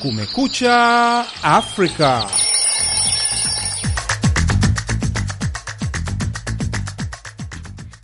Kumekucha Afrika.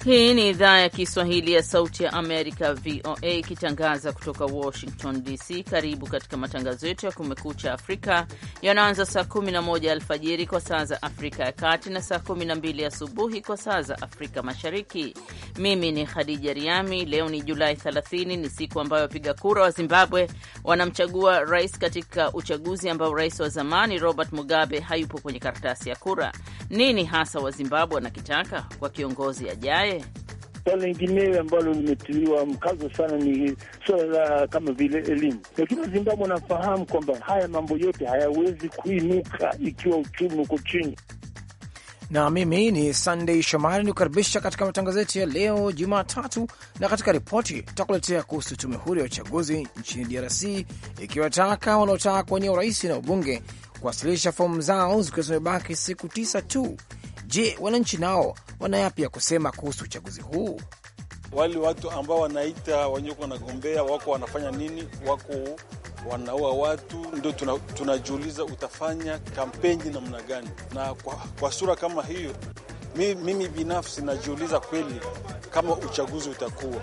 Hii ni idhaa ya Kiswahili ya Sauti ya Amerika, VOA, ikitangaza kutoka Washington DC. Karibu katika matangazo yetu ya Kumekucha Afrika yanaanza saa 11 alfajiri kwa saa za Afrika ya Kati na saa 12 asubuhi kwa saa za Afrika Mashariki. Mimi ni Khadija Riami. Leo ni Julai 30, ni siku ambayo wapiga kura wa Zimbabwe wanamchagua rais katika uchaguzi ambao rais wa zamani Robert Mugabe hayupo kwenye karatasi ya kura. Nini hasa wa Zimbabwe wanakitaka kwa kiongozi ajaye? lingine Swala linginewe ambalo limetiliwa mkazo sana ni swala la kama vile elimu, lakini Wazimbabwe wanafahamu kwamba haya mambo yote hayawezi kuinuka ikiwa uchumi uko chini. Na mimi ni Sunday Shomari ni kukaribisha katika matangazo yetu ya leo Jumatatu. Na katika ripoti tutakuletea kuhusu tume huru ya uchaguzi nchini DRC ikiwataka wanaotaka kuwania urais na ubunge kuwasilisha fomu zao zikiwa zimebaki siku tisa tu Je, wananchi nao wana yapi ya kusema kuhusu uchaguzi huu? Wale watu ambao wanaita wanyeko wanagombea wako wanafanya nini? Wako wanaua watu, ndio tunajiuliza, tuna utafanya kampeni namna gani? Na kwa, kwa sura kama hiyo, mimi, mimi binafsi najiuliza kweli kama uchaguzi utakuwa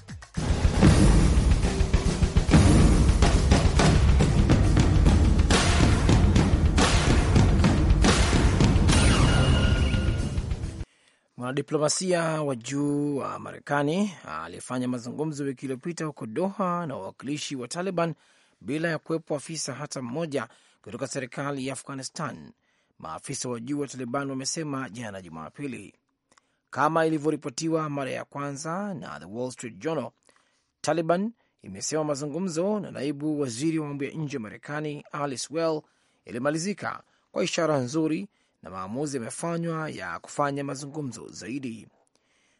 Mwanadiplomasia wa juu wa Marekani alifanya mazungumzo wiki iliyopita huko Doha na wawakilishi wa Taliban bila ya kuwepo afisa hata mmoja kutoka serikali ya Afghanistan, maafisa wa juu wa Taliban wamesema jana Jumapili, kama ilivyoripotiwa mara ya kwanza na The Wall Street Journal. Taliban imesema mazungumzo na naibu waziri wa mambo ya nje wa Marekani Alice Well yalimalizika kwa ishara nzuri na maamuzi yamefanywa ya kufanya mazungumzo zaidi.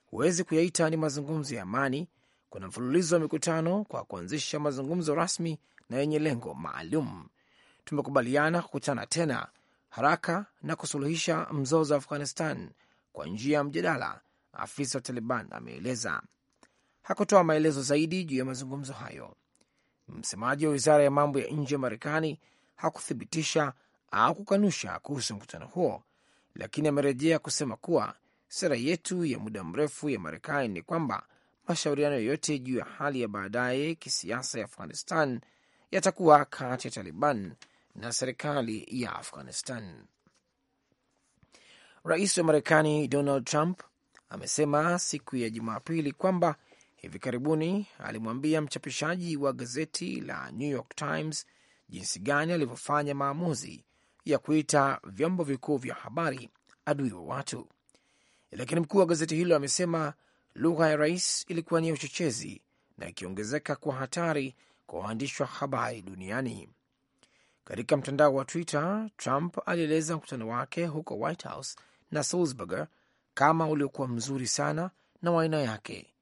Huwezi kuyaita ni mazungumzo ya amani. Kuna mfululizo wa mikutano kwa kuanzisha mazungumzo rasmi na yenye lengo maalum. Tumekubaliana kukutana tena haraka na kusuluhisha mzozo wa Afghanistan kwa njia ya mjadala, afisa wa Taliban ameeleza. Hakutoa maelezo zaidi juu ya mazungumzo hayo. Msemaji wa wizara ya mambo ya nje ya Marekani hakuthibitisha au kukanusha kuhusu mkutano huo, lakini amerejea kusema kuwa sera yetu ya muda mrefu ya Marekani ni kwamba mashauriano yoyote juu ya hali ya baadaye kisiasa ya Afghanistan yatakuwa kati ya Taliban na serikali ya Afghanistan. Rais wa Marekani Donald Trump amesema siku ya Jumapili kwamba hivi karibuni alimwambia mchapishaji wa gazeti la New York Times jinsi gani alivyofanya maamuzi ya kuita vyombo vikuu vya habari adui wa watu, lakini mkuu wa gazeti hilo amesema lugha ya rais ilikuwa ni ya uchochezi na ikiongezeka kwa hatari kwa waandishi wa habari duniani. Katika mtandao wa Twitter, Trump alieleza mkutano wake huko White House na Sulzberger kama uliokuwa mzuri sana na wa aina yake.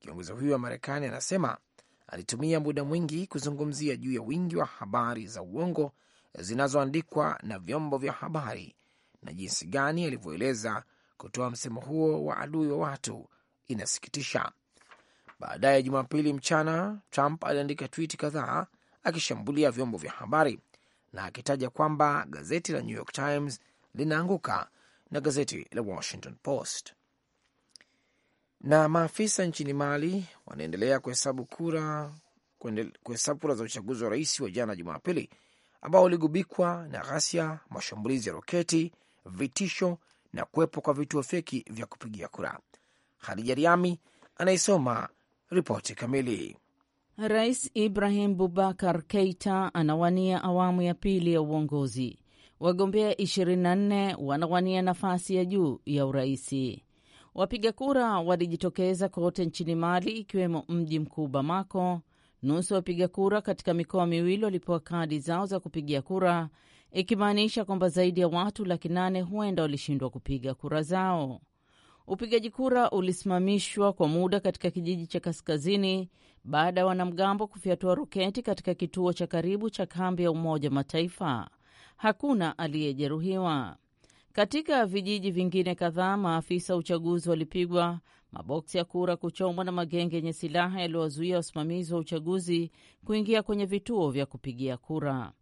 Kiongozi huyo wa Marekani anasema alitumia muda mwingi kuzungumzia juu ya wingi wa habari za uongo zinazoandikwa na vyombo vya habari na jinsi gani alivyoeleza kutoa msemo huo wa adui wa watu inasikitisha. Baadaye Jumapili mchana, Trump aliandika twiti kadhaa akishambulia vyombo vya habari na akitaja kwamba gazeti la New York Times linaanguka na gazeti la Washington Post. Na maafisa nchini Mali wanaendelea kuhesabu kura, kuhesabu kura za uchaguzi wa rais wa jana Jumapili ambao uligubikwa na ghasia, mashambulizi ya roketi, vitisho na kuwepo kwa vituo feki vya kupigia kura. Hadija Riami anaisoma ripoti kamili. Rais Ibrahim Bubakar Keita anawania awamu ya pili ya uongozi. Wagombea 24 wanawania nafasi ya juu ya uraisi. Wapiga kura walijitokeza kote nchini Mali, ikiwemo mji mkuu Bamako, Nusu wapiga kura katika mikoa miwili walipewa kadi zao za kupigia kura, ikimaanisha kwamba zaidi ya watu laki nane huenda walishindwa kupiga kura zao. Upigaji kura ulisimamishwa kwa muda katika kijiji cha kaskazini baada ya wanamgambo kufyatua roketi katika kituo cha karibu cha kambi ya Umoja w Mataifa. Hakuna aliyejeruhiwa. Katika vijiji vingine kadhaa, maafisa uchaguzi walipigwa maboksi ya kura kuchomwa na magenge yenye silaha yaliyowazuia wasimamizi wa uchaguzi kuingia kwenye vituo vya kupigia kura.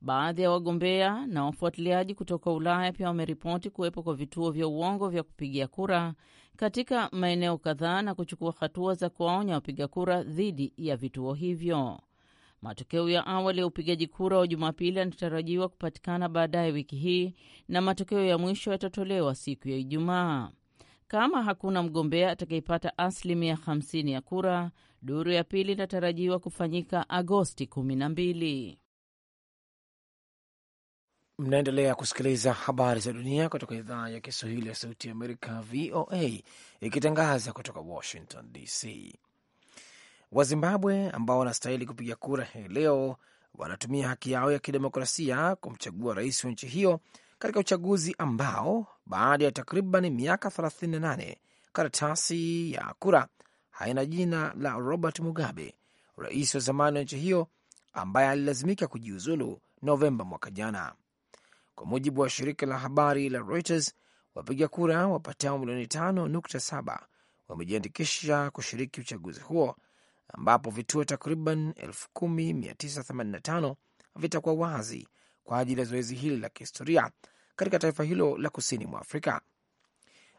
Baadhi ya wagombea na wafuatiliaji kutoka Ulaya pia wameripoti kuwepo kwa vituo vya uongo vya kupigia kura katika maeneo kadhaa na kuchukua hatua za kuwaonya wapiga kura dhidi ya vituo hivyo. Matokeo ya awali ya upigaji kura wa Jumapili yanatarajiwa kupatikana baadaye wiki hii na matokeo ya mwisho yatatolewa siku ya Ijumaa. Kama hakuna mgombea atakayepata asilimia 50 ya kura, duru ya pili inatarajiwa kufanyika Agosti 12. Mnaendelea kusikiliza habari za dunia kutoka idhaa ya Kiswahili ya Sauti ya Amerika, VOA, ikitangaza kutoka Washington DC. Wazimbabwe ambao wanastahili kupiga kura hii leo wanatumia haki yao ya kidemokrasia kumchagua rais wa nchi hiyo katika uchaguzi ambao baada ya takriban miaka 38 karatasi ya kura haina jina la Robert Mugabe, rais wa zamani wa nchi hiyo ambaye alilazimika kujiuzulu Novemba mwaka jana. Kwa mujibu wa shirika la habari la Reuters, wapiga kura wapatao milioni 5.7 wamejiandikisha kushiriki uchaguzi huo ambapo vituo takriban 10985 vitakuwa wazi kwa ajili ya zoezi hili la kihistoria katika taifa hilo la kusini mwa Afrika.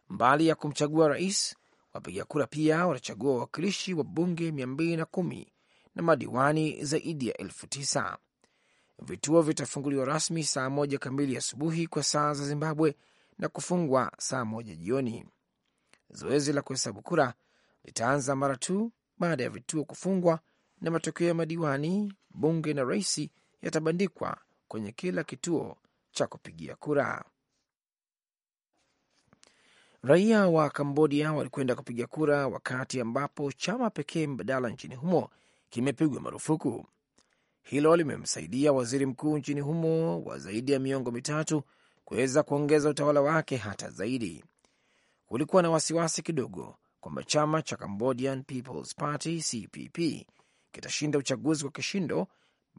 Mbali ya kumchagua rais, wapiga kura pia watachagua wawakilishi wa bunge 210 na madiwani zaidi ya elfu tisa. Vituo vitafunguliwa rasmi saa moja kamili asubuhi kwa saa za Zimbabwe na kufungwa saa moja jioni. Zoezi la kuhesabu kura litaanza mara tu baada ya vituo kufungwa, na matokeo ya madiwani, bunge na rais yatabandikwa kwenye kila kituo cha kupigia kura. Raia wa Kambodia walikwenda kupiga kura wakati ambapo chama pekee mbadala nchini humo kimepigwa marufuku. Hilo limemsaidia waziri mkuu nchini humo wa zaidi ya miongo mitatu kuweza kuongeza utawala wake hata zaidi. Kulikuwa na wasiwasi kidogo kwamba chama cha Cambodian People's Party CPP kitashinda uchaguzi kwa kishindo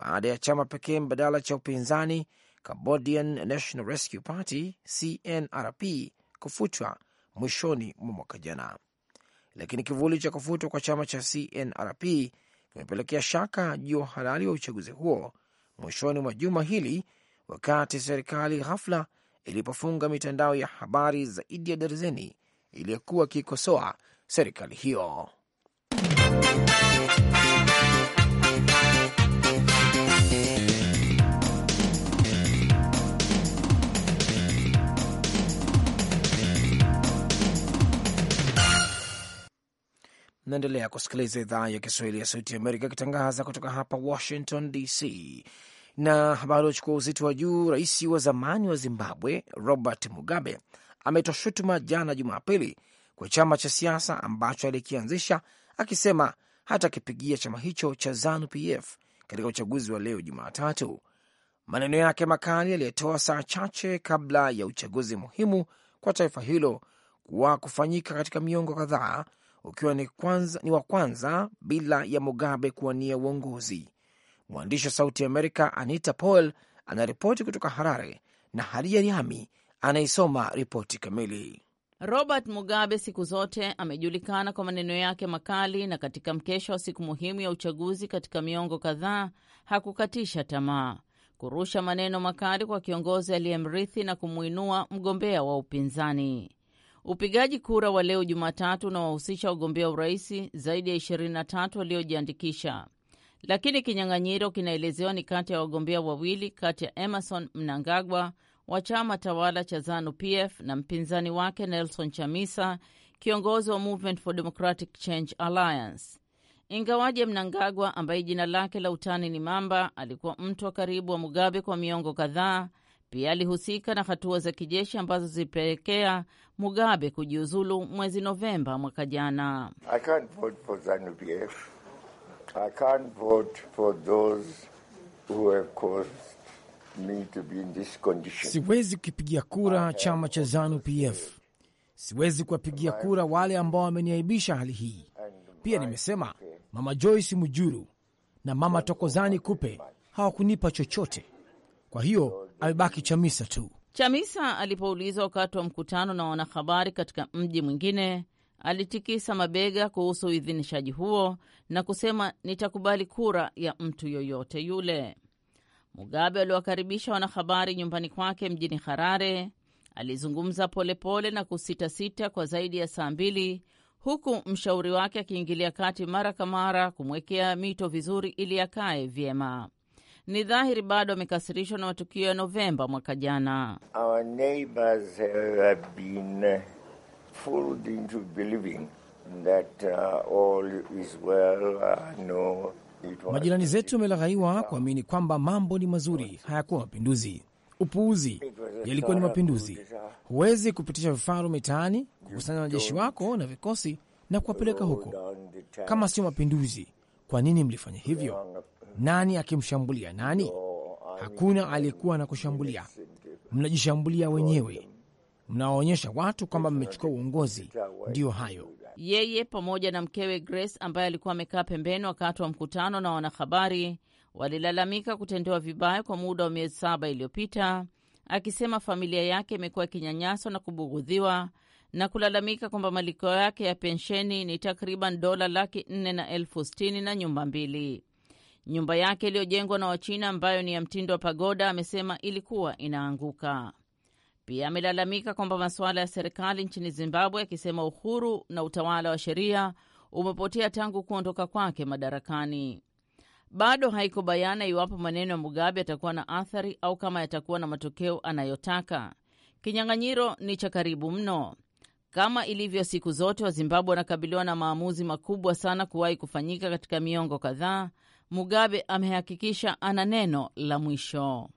baada ya chama pekee mbadala cha upinzani Cambodian National Rescue Party CNRP kufutwa mwishoni mwa mwaka jana. Lakini kivuli cha kufutwa kwa chama cha CNRP kimepelekea shaka juu ya uhalali wa uchaguzi huo mwishoni mwa juma hili, wakati serikali ghafla ilipofunga mitandao ya habari zaidi ya darzeni iliyokuwa ikikosoa serikali hiyo. Naendelea kusikiliza idhaa ya Kiswahili ya Sauti ya Amerika ikitangaza kutoka hapa Washington DC. Na habari uchukua uzito wa juu, rais wa zamani wa Zimbabwe Robert Mugabe ametoa shutuma jana Jumapili kwa chama cha siasa ambacho alikianzisha, akisema hata akipigia chama hicho cha ZANU PF katika uchaguzi wa leo Jumatatu. Maneno yake makali aliyetoa saa chache kabla ya uchaguzi muhimu kwa taifa hilo kuwa kufanyika katika miongo kadhaa ukiwa ni, kwanza, ni wa kwanza bila ya Mugabe kuwania uongozi. Mwandishi wa Sauti Amerika Anita Powell anaripoti kutoka Harare na Hadia Riami anaisoma ripoti kamili. Robert Mugabe siku zote amejulikana kwa maneno yake makali, na katika mkesha wa siku muhimu ya uchaguzi katika miongo kadhaa hakukatisha tamaa. Kurusha maneno makali kwa kiongozi aliyemrithi na kumwinua mgombea wa upinzani. Upigaji kura wa leo Jumatatu unawahusisha wagombea urais zaidi ya 23 waliojiandikisha, lakini kinyang'anyiro kinaelezewa ni kati ya wagombea wawili kati ya Emerson Mnangagwa wa chama tawala cha Zanu PF na mpinzani wake Nelson Chamisa, kiongozi wa Movement for Democratic Change Alliance. Ingawaje Mnangagwa ambaye jina lake la utani ni Mamba alikuwa mtu wa karibu wa Mugabe kwa miongo kadhaa, pia alihusika na hatua za kijeshi ambazo zilipelekea Mugabe kujiuzulu mwezi Novemba mwaka jana. Siwezi kupigia kura chama cha ZANU-PF. Siwezi kuwapigia kura wale ambao wameniaibisha hali hii. Pia nimesema Mama Joyce Mujuru na Mama Tokozani Kupe hawakunipa chochote, kwa hiyo amebaki Chamisa tu. Chamisa alipoulizwa wakati wa mkutano na wanahabari katika mji mwingine, alitikisa mabega kuhusu uidhinishaji huo na kusema, nitakubali kura ya mtu yoyote yule. Mugabe aliwakaribisha wanahabari nyumbani kwake mjini Harare. Alizungumza polepole pole na kusitasita kwa zaidi ya saa mbili, huku mshauri wake akiingilia kati mara kwa mara kumwekea mito vizuri ili akae vyema ni dhahiri bado amekasirishwa na matukio ya Novemba mwaka jana. Uh, uh, uh, Majirani zetu wamelaghaiwa kuamini kwamba mambo ni mazuri. Hayakuwa mapinduzi. Upuuzi, yalikuwa ni mapinduzi. Huwezi kupitisha vifaru mitaani, kukusanya wanajeshi wako na vikosi na kuwapeleka huko kama sio mapinduzi. Kwa nini mlifanya hivyo? Nani akimshambulia nani? Hakuna aliyekuwa na kushambulia, mnajishambulia wenyewe, mnawaonyesha watu kwamba mmechukua uongozi. Ndiyo hayo. Yeye pamoja na mkewe Grace ambaye alikuwa amekaa pembeni wakati wa mkutano na wanahabari walilalamika kutendewa vibaya kwa muda wa miezi saba iliyopita, akisema familia yake imekuwa ikinyanyaswa na kubughudhiwa na kulalamika kwamba malipo yake ya pensheni ni takriban dola laki nne na elfu sitini na nyumba mbili. Nyumba yake iliyojengwa na Wachina ambayo ni ya mtindo wa pagoda, amesema ilikuwa inaanguka. Pia amelalamika kwamba masuala ya serikali nchini Zimbabwe, akisema uhuru na utawala wa sheria umepotea tangu kuondoka kwake madarakani. Bado haiko bayana iwapo maneno ya Mugabe yatakuwa na athari au kama yatakuwa na matokeo anayotaka. Kinyang'anyiro ni cha karibu mno. Kama ilivyo siku zote, Wazimbabwe wanakabiliwa na maamuzi makubwa sana kuwahi kufanyika katika miongo kadhaa, Mugabe amehakikisha ana neno la mwisho.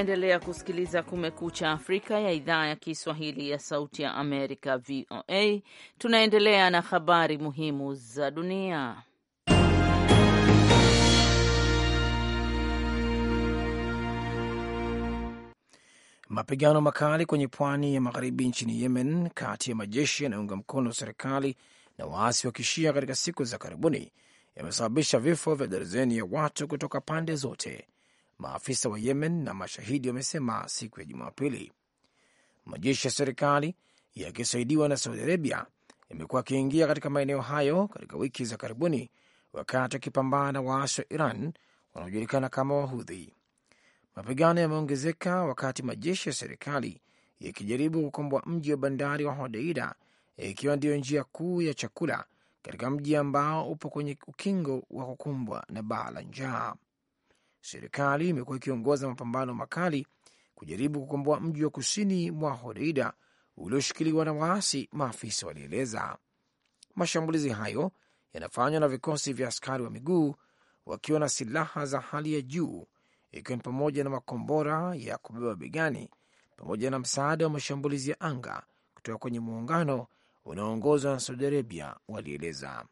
Unaendelea kusikiliza Kumekucha Afrika ya idhaa ya Kiswahili ya Sauti ya Amerika, VOA. Tunaendelea na habari muhimu za dunia. Mapigano makali kwenye pwani ya magharibi nchini Yemen kati ya majeshi yanayounga mkono serikali na waasi wa Kishia katika siku za karibuni yamesababisha vifo vya darzeni ya watu kutoka pande zote maafisa wa Yemen na mashahidi wamesema siku ya Jumapili. Majeshi ya serikali yakisaidiwa na Saudi Arabia yamekuwa yakiingia katika maeneo hayo katika wiki za karibuni, wakati wakipambana na waasi wa Iran wanaojulikana kama Wahudhi. Mapigano yameongezeka wakati majeshi ya serikali yakijaribu kukomboa mji wa bandari wa Hodeida, ikiwa ndiyo njia kuu ya chakula katika mji ambao upo kwenye ukingo wa kukumbwa na baa la njaa serikali imekuwa ikiongoza mapambano makali kujaribu kukomboa mji wa kusini mwa Hodeida ulioshikiliwa na waasi, maafisa walieleza. Mashambulizi hayo yanafanywa na vikosi vya askari wa miguu wakiwa na silaha za hali ya juu, ikiwa ni pamoja na makombora ya kubeba begani pamoja na msaada wa mashambulizi ya anga kutoka kwenye muungano unaoongozwa na Saudi Arabia, walieleza.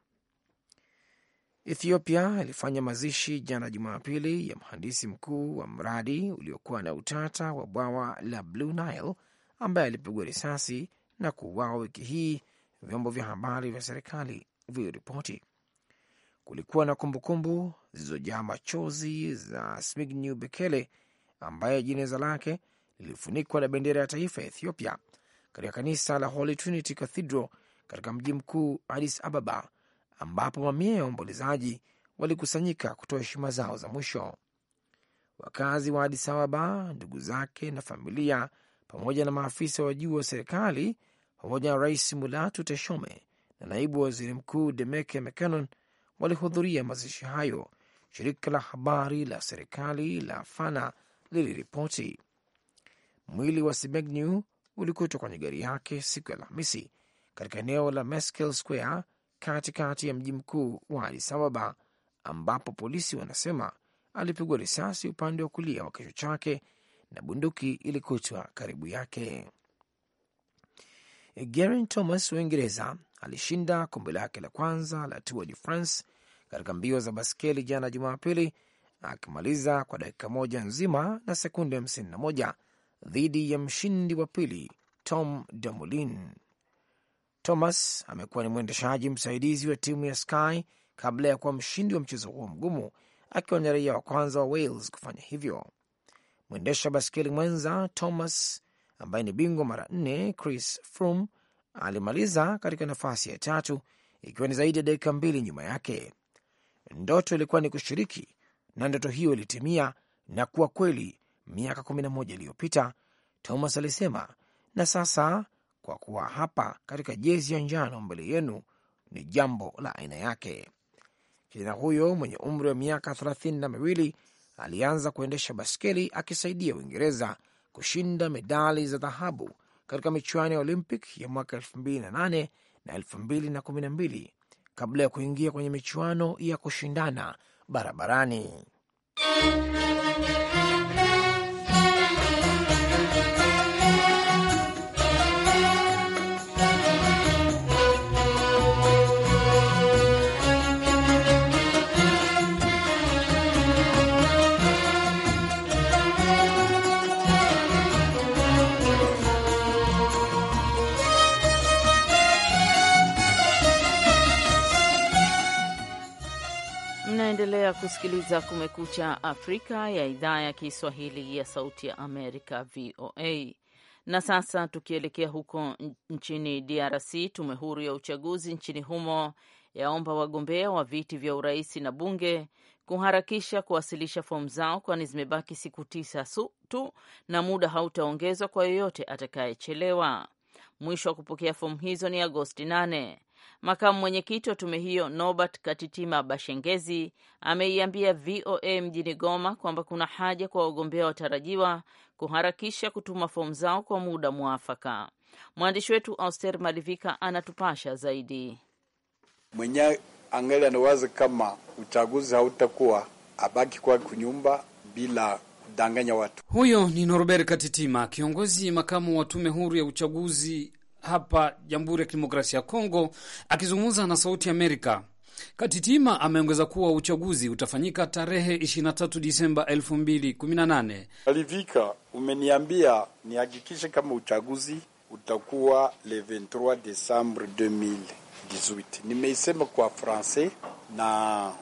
Ethiopia ilifanya mazishi jana Jumapili ya mhandisi mkuu wa mradi uliokuwa na utata wa bwawa la Blue Nile ambaye alipigwa risasi na kuuawa wiki hii, vyombo vya habari vya serikali viliripoti. Kulikuwa na kumbukumbu zilizojaa machozi za Smignew Bekele ambaye jeneza lake lilifunikwa na bendera ya taifa ya Ethiopia katika kanisa la Holy Trinity Cathedral katika mji mkuu Addis Ababa ambapo mamia ya waombolezaji walikusanyika kutoa heshima zao za mwisho. Wakazi wa Addis Ababa, ndugu zake na familia, pamoja na maafisa wa juu wa serikali, pamoja na Rais Mulatu Teshome na naibu waziri mkuu Demeke Mekonnen walihudhuria mazishi hayo. Shirika la habari la serikali la Fana liliripoti mwili wa Simegnew ulikutwa kwenye gari yake siku ya Alhamisi katika eneo la Meskel Square katikati ya mji mkuu wa Addis Ababa, ambapo polisi wanasema alipigwa risasi upande wa kulia wa kichwa chake na bunduki ilikutwa karibu yake. Geraint Thomas wa Uingereza alishinda kombe lake la kwanza la Tour de France katika mbio za baskeli jana Jumapili, akimaliza kwa dakika moja nzima na sekunde 51 dhidi ya mshindi wa pili Tom Dumoulin. Thomas amekuwa ni mwendeshaji msaidizi wa timu ya Sky kabla ya kuwa mshindi wa mchezo huo mgumu, akiwa ni raia wa kwanza wa Wales kufanya hivyo. Mwendesha baskeli mwenza Thomas ambaye ni bingwa mara nne Chris Froome alimaliza katika nafasi ya tatu ikiwa ni zaidi ya dakika mbili nyuma yake. Ndoto ilikuwa ni kushiriki na ndoto hiyo ilitimia na kuwa kweli miaka moja iliyopita, Thomas alisema, na sasa kwa kuwa hapa katika jezi ya njano mbele yenu ni jambo la aina yake. Kijana huyo mwenye umri wa miaka thelathini na miwili alianza kuendesha baskeli akisaidia Uingereza kushinda medali za dhahabu katika michuano ya Olympic ya mwaka elfu mbili na nane na elfu mbili na kumi na mbili kabla ya kuingia kwenye michuano ya kushindana barabarani. Unaendelea kusikiliza Kumekucha Afrika ya idhaa ya Kiswahili ya Sauti ya Amerika, VOA. Na sasa tukielekea huko nchini DRC, tume huru ya uchaguzi nchini humo yaomba wagombea wa viti vya urais na bunge kuharakisha kuwasilisha fomu zao, kwani zimebaki siku tisa tu na muda hautaongezwa kwa yoyote atakayechelewa. Mwisho wa kupokea fomu hizo ni Agosti 8. Makamu mwenyekiti wa tume hiyo Norbert Katitima Bashengezi ameiambia VOA mjini Goma kwamba kuna haja kwa wagombea watarajiwa kuharakisha kutuma fomu zao kwa muda mwafaka. Mwandishi wetu Auster Malivika anatupasha zaidi. Mwenye angali anawazi kama uchaguzi hautakuwa abaki kwa kunyumba bila kudanganya watu. Huyo ni Norbert Katitima, kiongozi makamu wa tume huru ya uchaguzi hapa Jamhuri ya Kidemokrasia ya Kongo. Akizungumza na Sauti Amerika, Katitima ameongeza kuwa uchaguzi utafanyika tarehe 23 Disemba 2018. Alivika, umeniambia nihakikishe kama uchaguzi utakuwa le 23 Desembre 2018. Nimeisema kwa Francais na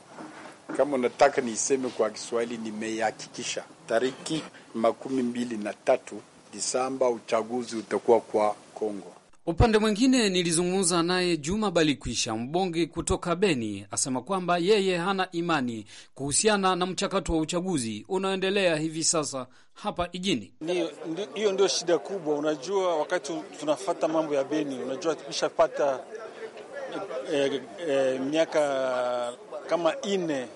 kama unataka niiseme kwa Kiswahili, nimeihakikisha tariki makumi mbili na tatu Disemba uchaguzi utakuwa kwa Kongo. Upande mwingine nilizungumza naye Juma Balikwisha, mbunge kutoka Beni, asema kwamba yeye hana imani kuhusiana na mchakato wa uchaguzi unaoendelea hivi sasa hapa ijini. Hiyo ndio shida kubwa. Unajua, wakati tunafata mambo ya Beni, unajua tukishapata e, e, miaka kama ine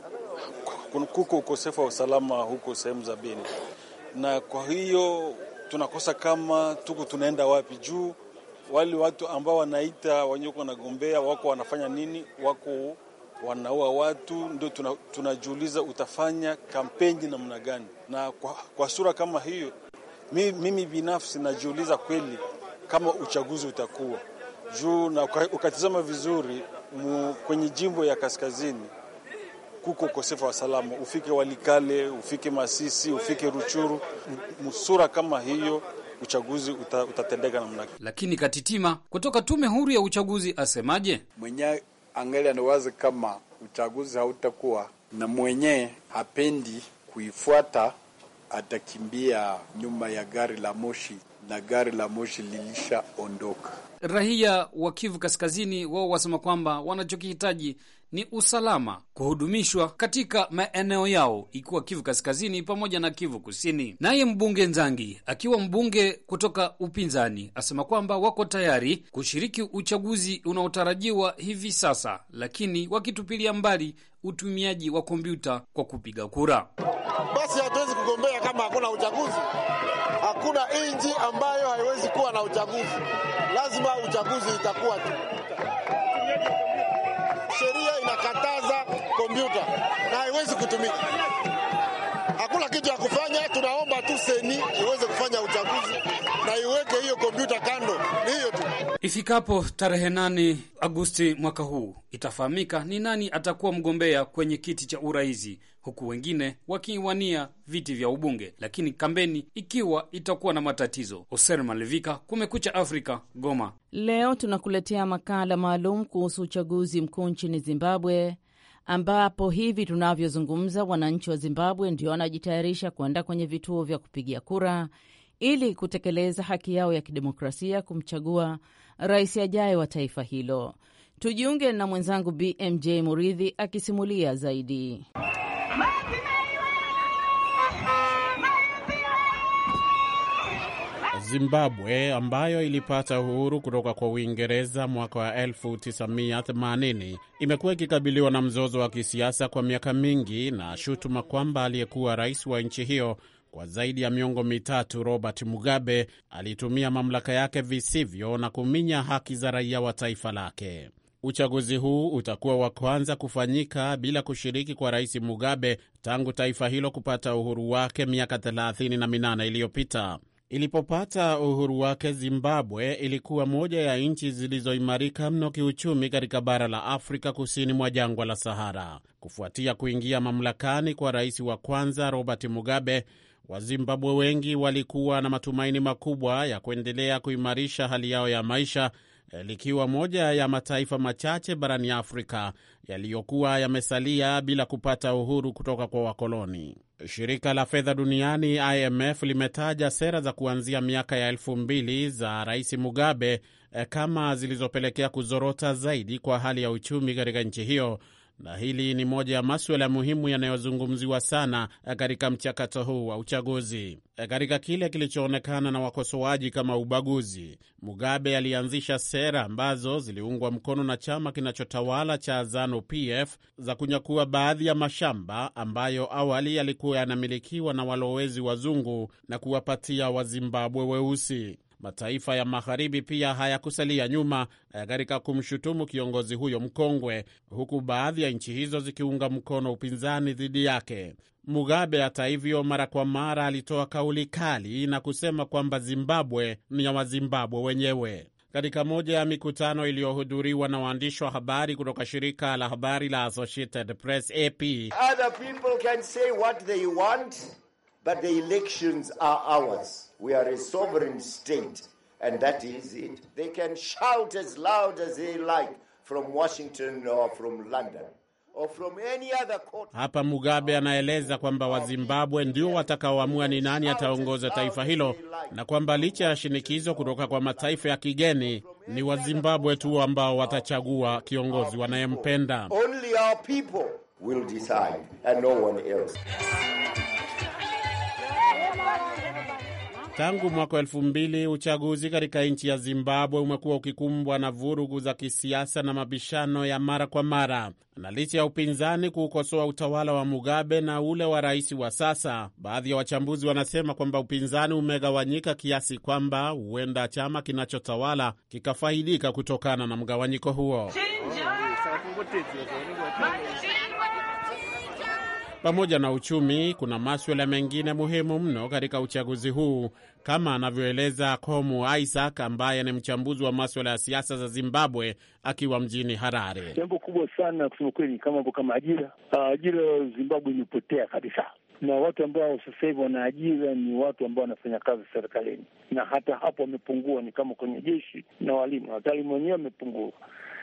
kuko ukosefu wa usalama huko sehemu za Beni, na kwa hiyo tunakosa kama tuko tunaenda wapi juu wale watu ambao wanaita wanyeko wanagombea wako wanafanya nini? Wako wanaua watu, ndio tuna, tunajiuliza utafanya kampeni namna gani? Na kwa, kwa sura kama hiyo mimi, mimi binafsi najiuliza kweli kama uchaguzi utakuwa juu, na ukatizama vizuri mu, kwenye jimbo ya kaskazini kuko ukosefu wa salama, ufike Walikale, ufike Masisi, ufike Ruchuru, msura kama hiyo uchaguzi uta, utatendeka namna gani. Lakini Katitima kutoka tume huru ya uchaguzi asemaje? Mwenye angali anawazi kama uchaguzi hautakuwa na mwenye hapendi kuifuata atakimbia nyuma ya gari la moshi na gari la moshi lilishaondoka. Raia wa Kivu Kaskazini wao wasema kwamba wanachokihitaji ni usalama kuhudumishwa katika maeneo yao ikiwa Kivu Kaskazini pamoja na Kivu Kusini. Naye mbunge Nzangi akiwa mbunge kutoka upinzani asema kwamba wako tayari kushiriki uchaguzi unaotarajiwa hivi sasa, lakini wakitupilia mbali utumiaji wa kompyuta kwa kupiga kura. Basi hatuwezi kugombea kama hakuna uchaguzi. Hakuna nchi ambayo haiwezi kuwa na uchaguzi, lazima uchaguzi itakuwa tu kompyuta na haiwezi kutumika, hakuna kitu ya kufanya. Tunaomba tu seni iweze kufanya uchaguzi na iweke hiyo kompyuta kando. Ni hiyo tu. Ifikapo tarehe nane Agosti mwaka huu itafahamika ni nani atakuwa mgombea kwenye kiti cha urahisi huku wengine wakiwania viti vya ubunge, lakini kampeni ikiwa itakuwa na matatizo. Hoser Malevika, Kumekucha Afrika, Goma. Leo tunakuletea makala maalum kuhusu uchaguzi mkuu nchini Zimbabwe ambapo hivi tunavyozungumza wananchi wa Zimbabwe ndio wanajitayarisha kuenda kwenye vituo vya kupigia kura ili kutekeleza haki yao ya kidemokrasia kumchagua rais ajaye wa taifa hilo. Tujiunge na mwenzangu BMJ Muridhi akisimulia zaidi. Zimbabwe ambayo ilipata uhuru kutoka kwa Uingereza mwaka wa 1980 imekuwa ikikabiliwa na mzozo wa kisiasa kwa miaka mingi na shutuma kwamba aliyekuwa rais wa nchi hiyo kwa zaidi ya miongo mitatu Robert Mugabe alitumia mamlaka yake visivyo na kuminya haki za raia wa taifa lake. Uchaguzi huu utakuwa wa kwanza kufanyika bila kushiriki kwa Rais Mugabe tangu taifa hilo kupata uhuru wake miaka 38 iliyopita. Ilipopata uhuru wake, Zimbabwe ilikuwa moja ya nchi zilizoimarika mno kiuchumi katika bara la Afrika kusini mwa jangwa la Sahara. Kufuatia kuingia mamlakani kwa rais wa kwanza Robert Mugabe, Wazimbabwe wengi walikuwa na matumaini makubwa ya kuendelea kuimarisha hali yao ya maisha Eh, likiwa moja ya mataifa machache barani Afrika yaliyokuwa yamesalia bila kupata uhuru kutoka kwa wakoloni. Shirika la fedha duniani IMF limetaja sera za kuanzia miaka ya elfu mbili za Rais Mugabe eh, kama zilizopelekea kuzorota zaidi kwa hali ya uchumi katika nchi hiyo na hili ni moja ya maswala muhimu yanayozungumziwa sana katika mchakato huu wa uchaguzi. Katika kile kilichoonekana na wakosoaji kama ubaguzi, Mugabe alianzisha sera ambazo ziliungwa mkono na chama kinachotawala cha Zanu-PF za kunyakua baadhi ya mashamba ambayo awali yalikuwa yanamilikiwa na walowezi wazungu na kuwapatia Wazimbabwe weusi. Mataifa ya magharibi pia hayakusalia nyuma eh, katika kumshutumu kiongozi huyo mkongwe, huku baadhi ya nchi hizo zikiunga mkono upinzani dhidi yake. Mugabe hata hivyo, mara kwa mara alitoa kauli kali na kusema kwamba Zimbabwe ni ya Wazimbabwe wenyewe. Katika moja ya mikutano iliyohudhuriwa na waandishi wa habari kutoka shirika la habari la Associated Press AP, Other people can say what they want, but the elections are ours. We are a sovereign state, and that is it. They can shout as loud as they like from Washington or from London. Hapa Mugabe anaeleza kwamba Wazimbabwe ndio watakaoamua ni nani ataongoza taifa hilo na kwamba licha ya shinikizo kutoka kwa mataifa ya kigeni ni Wazimbabwe tu ambao watachagua kiongozi wanayempenda. Only our people will decide and no one else. Tangu mwaka elfu mbili uchaguzi katika nchi ya Zimbabwe umekuwa ukikumbwa na vurugu za kisiasa na mabishano ya mara kwa mara, na licha ya upinzani kuukosoa utawala wa Mugabe na ule wa rais wa sasa, baadhi ya wachambuzi wanasema kwamba upinzani umegawanyika kiasi kwamba huenda chama kinachotawala kikafaidika kutokana na mgawanyiko huo. Chinja! Pamoja na uchumi, kuna maswala mengine muhimu mno katika uchaguzi huu, kama anavyoeleza Komu Isaac ambaye ni mchambuzi wa maswala ya siasa za Zimbabwe akiwa mjini Harare. Jambo kubwa sana kusema kweli, kama mambo kama ajira, ah, ajira Zimbabwe imepotea kabisa na watu ambao sasa hivi wanaajira ni watu ambao wanafanya kazi serikalini, na hata hapo wamepungua, ni kama kwenye jeshi na walimu, wataalimu wenyewe wamepungua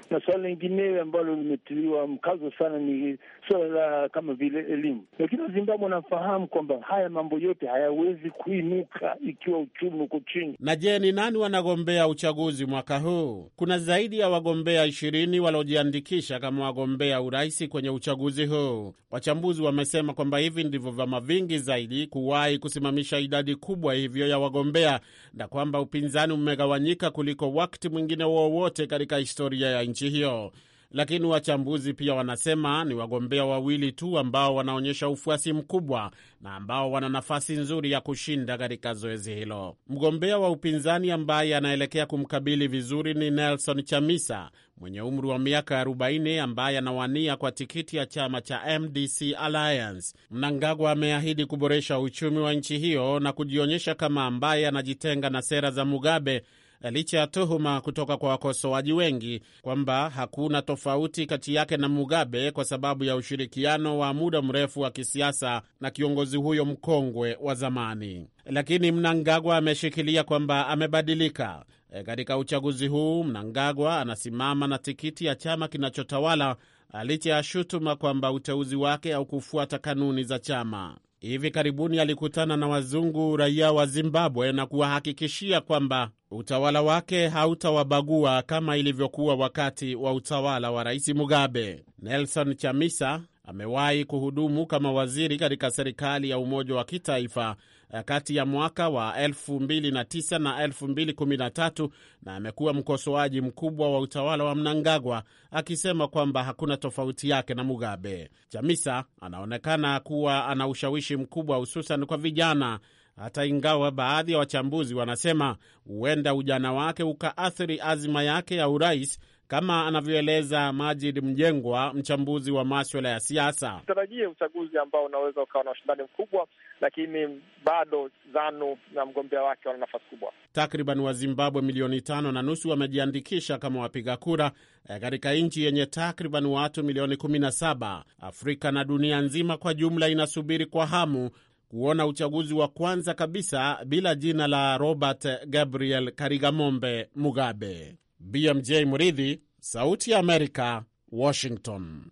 na suala lingineo ambalo limetiliwa mkazo sana ni suala la kama vile elimu. Lakini Wazimbabwe wanafahamu kwamba haya mambo yote hayawezi kuinuka ikiwa uchumi uko chini. Na je, ni nani wanagombea uchaguzi mwaka huu? Kuna zaidi ya wagombea ishirini waliojiandikisha kama wagombea urais kwenye uchaguzi huu. Wachambuzi wamesema kwamba hivi ndivyo vyama vingi zaidi kuwahi kusimamisha idadi kubwa hivyo ya wagombea na kwamba upinzani umegawanyika kuliko wakati mwingine wowote katika historia ya nchi hiyo. Lakini wachambuzi pia wanasema ni wagombea wawili tu ambao wanaonyesha ufuasi mkubwa na ambao wana nafasi nzuri ya kushinda katika zoezi hilo. Mgombea wa upinzani ambaye anaelekea kumkabili vizuri ni Nelson Chamisa mwenye umri wa miaka 40 ambaye anawania kwa tikiti ya chama cha MDC Alliance. Mnangagwa ameahidi kuboresha uchumi wa nchi hiyo na kujionyesha kama ambaye anajitenga na sera za Mugabe Eh, licha ya tuhuma kutoka kwa wakosoaji wengi kwamba hakuna tofauti kati yake na Mugabe kwa sababu ya ushirikiano wa muda mrefu wa kisiasa na kiongozi huyo mkongwe wa zamani. Lakini Mnangagwa ameshikilia kwamba amebadilika. E, katika uchaguzi huu Mnangagwa anasimama na tikiti ya chama kinachotawala eh, licha ya shutuma kwamba uteuzi wake haukufuata kanuni za chama hivi karibuni alikutana na wazungu raia wa Zimbabwe na kuwahakikishia kwamba utawala wake hautawabagua kama ilivyokuwa wakati wa utawala wa Rais Mugabe. Nelson Chamisa amewahi kuhudumu kama waziri katika serikali ya umoja wa kitaifa Eh, kati ya mwaka wa 2009 na 2013 na amekuwa mkosoaji mkubwa wa utawala wa Mnangagwa akisema kwamba hakuna tofauti yake na Mugabe. Chamisa anaonekana kuwa ana ushawishi mkubwa hususan kwa vijana hata ingawa baadhi ya wa wachambuzi wanasema huenda ujana wake ukaathiri azima yake ya urais kama anavyoeleza Majid Mjengwa, mchambuzi wa maswala ya siasa. Tutarajie uchaguzi ambao unaweza ukawa na ushindani mkubwa, lakini bado ZANU na mgombea wake wana nafasi kubwa. Takriban Wazimbabwe milioni tano na nusu wamejiandikisha kama wapiga kura e, katika nchi yenye takriban watu milioni kumi na saba Afrika na dunia nzima kwa jumla inasubiri kwa hamu kuona uchaguzi wa kwanza kabisa bila jina la Robert Gabriel Karigamombe Mugabe. BMJ Mridhi, Sauti ya Amerika, Washington.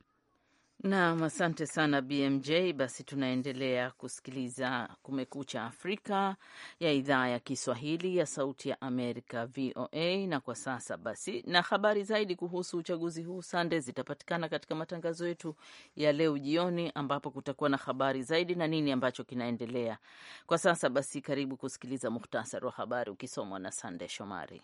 Naam, asante sana BMJ. Basi tunaendelea kusikiliza Kumekucha Afrika ya idhaa ya Kiswahili ya Sauti ya Amerika, VOA. Na kwa sasa basi, na habari zaidi kuhusu uchaguzi huu Sande zitapatikana katika matangazo yetu ya leo jioni, ambapo kutakuwa na habari zaidi na nini ambacho kinaendelea kwa sasa. Basi karibu kusikiliza muhtasari wa habari ukisomwa na Sande Shomari.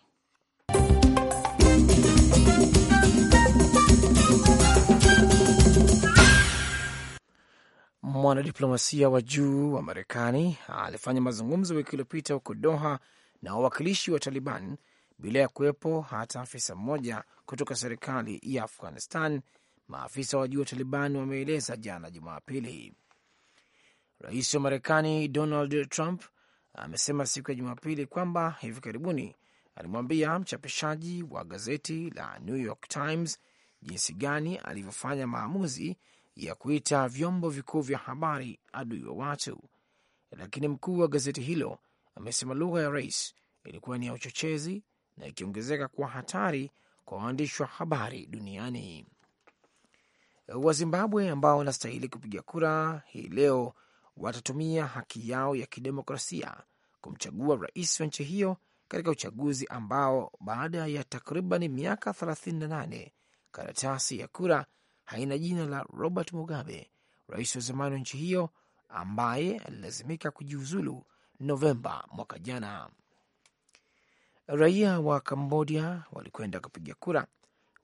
Mwanadiplomasia wa juu wa Marekani alifanya mazungumzo wiki iliyopita huko Doha na wawakilishi wa Taliban bila ya kuwepo hata afisa mmoja kutoka serikali ya Afghanistan, maafisa wa juu wa Taliban wameeleza jana Jumapili. Rais wa Marekani Donald Trump amesema siku ya Jumapili kwamba hivi karibuni alimwambia mchapishaji wa gazeti la New York Times jinsi gani alivyofanya maamuzi ya kuita vyombo vikuu vya habari adui wa watu, lakini mkuu wa gazeti hilo amesema lugha ya rais ilikuwa ni ya uchochezi na ikiongezeka kuwa hatari kwa waandishi wa habari duniani. Wazimbabwe ambao wanastahili kupiga kura hii leo watatumia haki yao ya kidemokrasia kumchagua rais wa nchi hiyo katika uchaguzi ambao baada ya takriban miaka 38 karatasi ya kura haina jina la Robert Mugabe, rais wa zamani wa nchi hiyo ambaye alilazimika kujiuzulu Novemba mwaka jana. Raia wa Kambodia walikwenda kupiga kura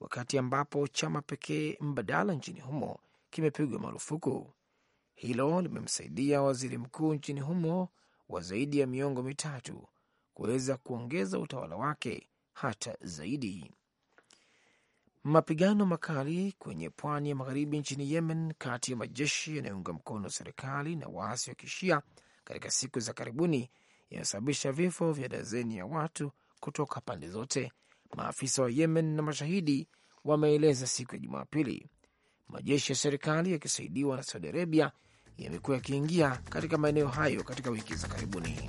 wakati ambapo chama pekee mbadala nchini humo kimepigwa marufuku. Hilo limemsaidia waziri mkuu nchini humo wa zaidi ya miongo mitatu kuweza kuongeza utawala wake hata zaidi. Mapigano makali kwenye pwani ya magharibi nchini Yemen kati ya majeshi yanayounga mkono serikali na waasi wa Kishia katika siku za karibuni yanasababisha vifo vya dazeni ya watu kutoka pande zote, maafisa wa Yemen na mashahidi wameeleza siku ya Jumapili. Majeshi ya serikali yakisaidiwa na Saudi Arabia yamekuwa yakiingia katika maeneo hayo katika wiki za karibuni.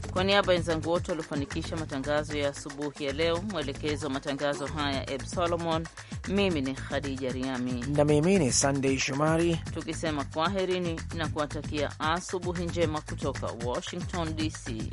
Kwa niaba ya wenzangu wote waliofanikisha matangazo ya asubuhi ya leo, mwelekezi wa matangazo haya Eb Solomon, mimi ni Khadija Riami na mimi ni Sandey Shomari, tukisema kwaherini na kuwatakia asubuhi njema kutoka Washington DC.